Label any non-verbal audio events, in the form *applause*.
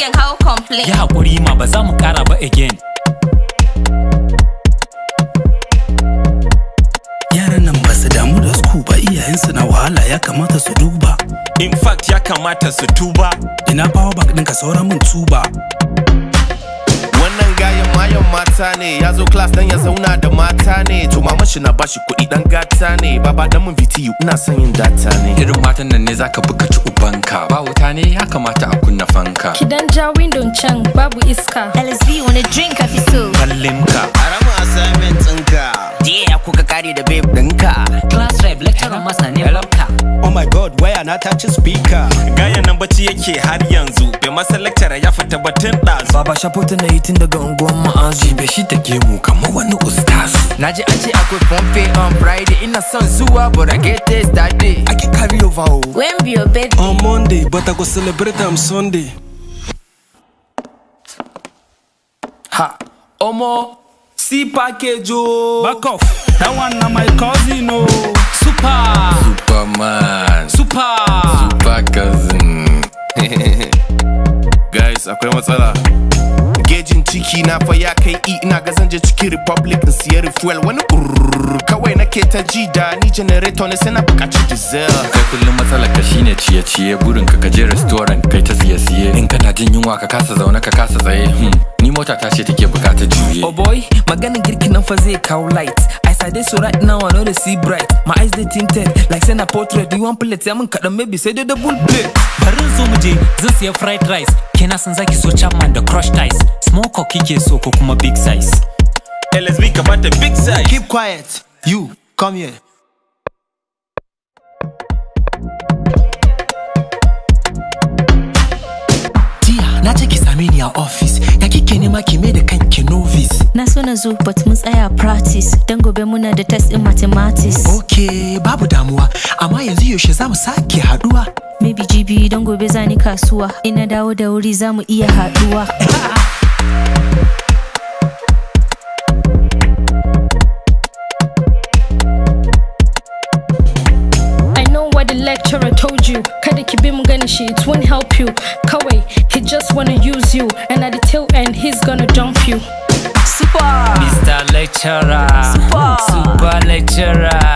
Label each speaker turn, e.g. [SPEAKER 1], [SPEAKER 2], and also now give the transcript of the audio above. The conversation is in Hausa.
[SPEAKER 1] again hau complain ya hakuri ma ba za mu kara ba again yaran nan ba su damu da su ba iyayensu na wahala ya kamata su duba in fact ya kamata su tuba ina power bank ɗinka sauran mun tuba mata ne ya zo class dan ya zauna da mata ne to mama shi na bashi kuɗi dan gata ne baba dan mun VTU ina son yin data ne irin matan nan ne zaka buka ci ubanka ba wuta ne ya kamata a kunna fanka kidan ja window can babu iska LSB wanna drink a fi kallimka na ta ci speaker gayan nan bacci yake har yanzu bai masa lecture ya fita batun ɗazu baba shafota na yi tun daga unguwar ma'azu bai shi take mu kamar wani ustaz na ji an ce akwai pompe on friday ina son zuwa but i get this that day i can carry over o when be your birthday on monday but i go celebrate am sunday ha omo see package o back off that one na my cousin o super super akwai matsala gejin ciki na fa ya kai i ina ga zanje cikin republic in siya fuel wani kawai nake ta ji da ni generator ne sai na bukaci diesel kai kullum matsalar ka shine ciye ciye burin ka kaje restaurant kai ta siye siye in kana jin yunwa ka kasa zaune ka kasa tsaye hmm, ni mota ta ce take bukata juye oh boy maganin girki nan fa zai kawo light as i dey so right now i no dey see bright my eyes dey tinted like say na portrait you want plate sai mun kadan maybe sai dai double plate bari zo mu je zan siya fried rice kina san zaki so chapman da crushed ice smoke kike so ko kuma big size LSB ka the big size keep quiet You, come here. na ce ki same ni a office. Ya kike nema ki mai da ki novice. Na so na zo but mun tsaya practice don gobe muna da test in mathematics. Okay, babu damuwa. Amma yanzu yaushe za mu sake haduwa. Maybe GB don gobe zani kasuwa. Ina dawo da wuri za mu iya haduwa. *laughs* what the lecturer told you Kade ki gani it won't help you kawai he just wanna use you and at the tail end he's gonna dump you super mr lecturer super super lecturer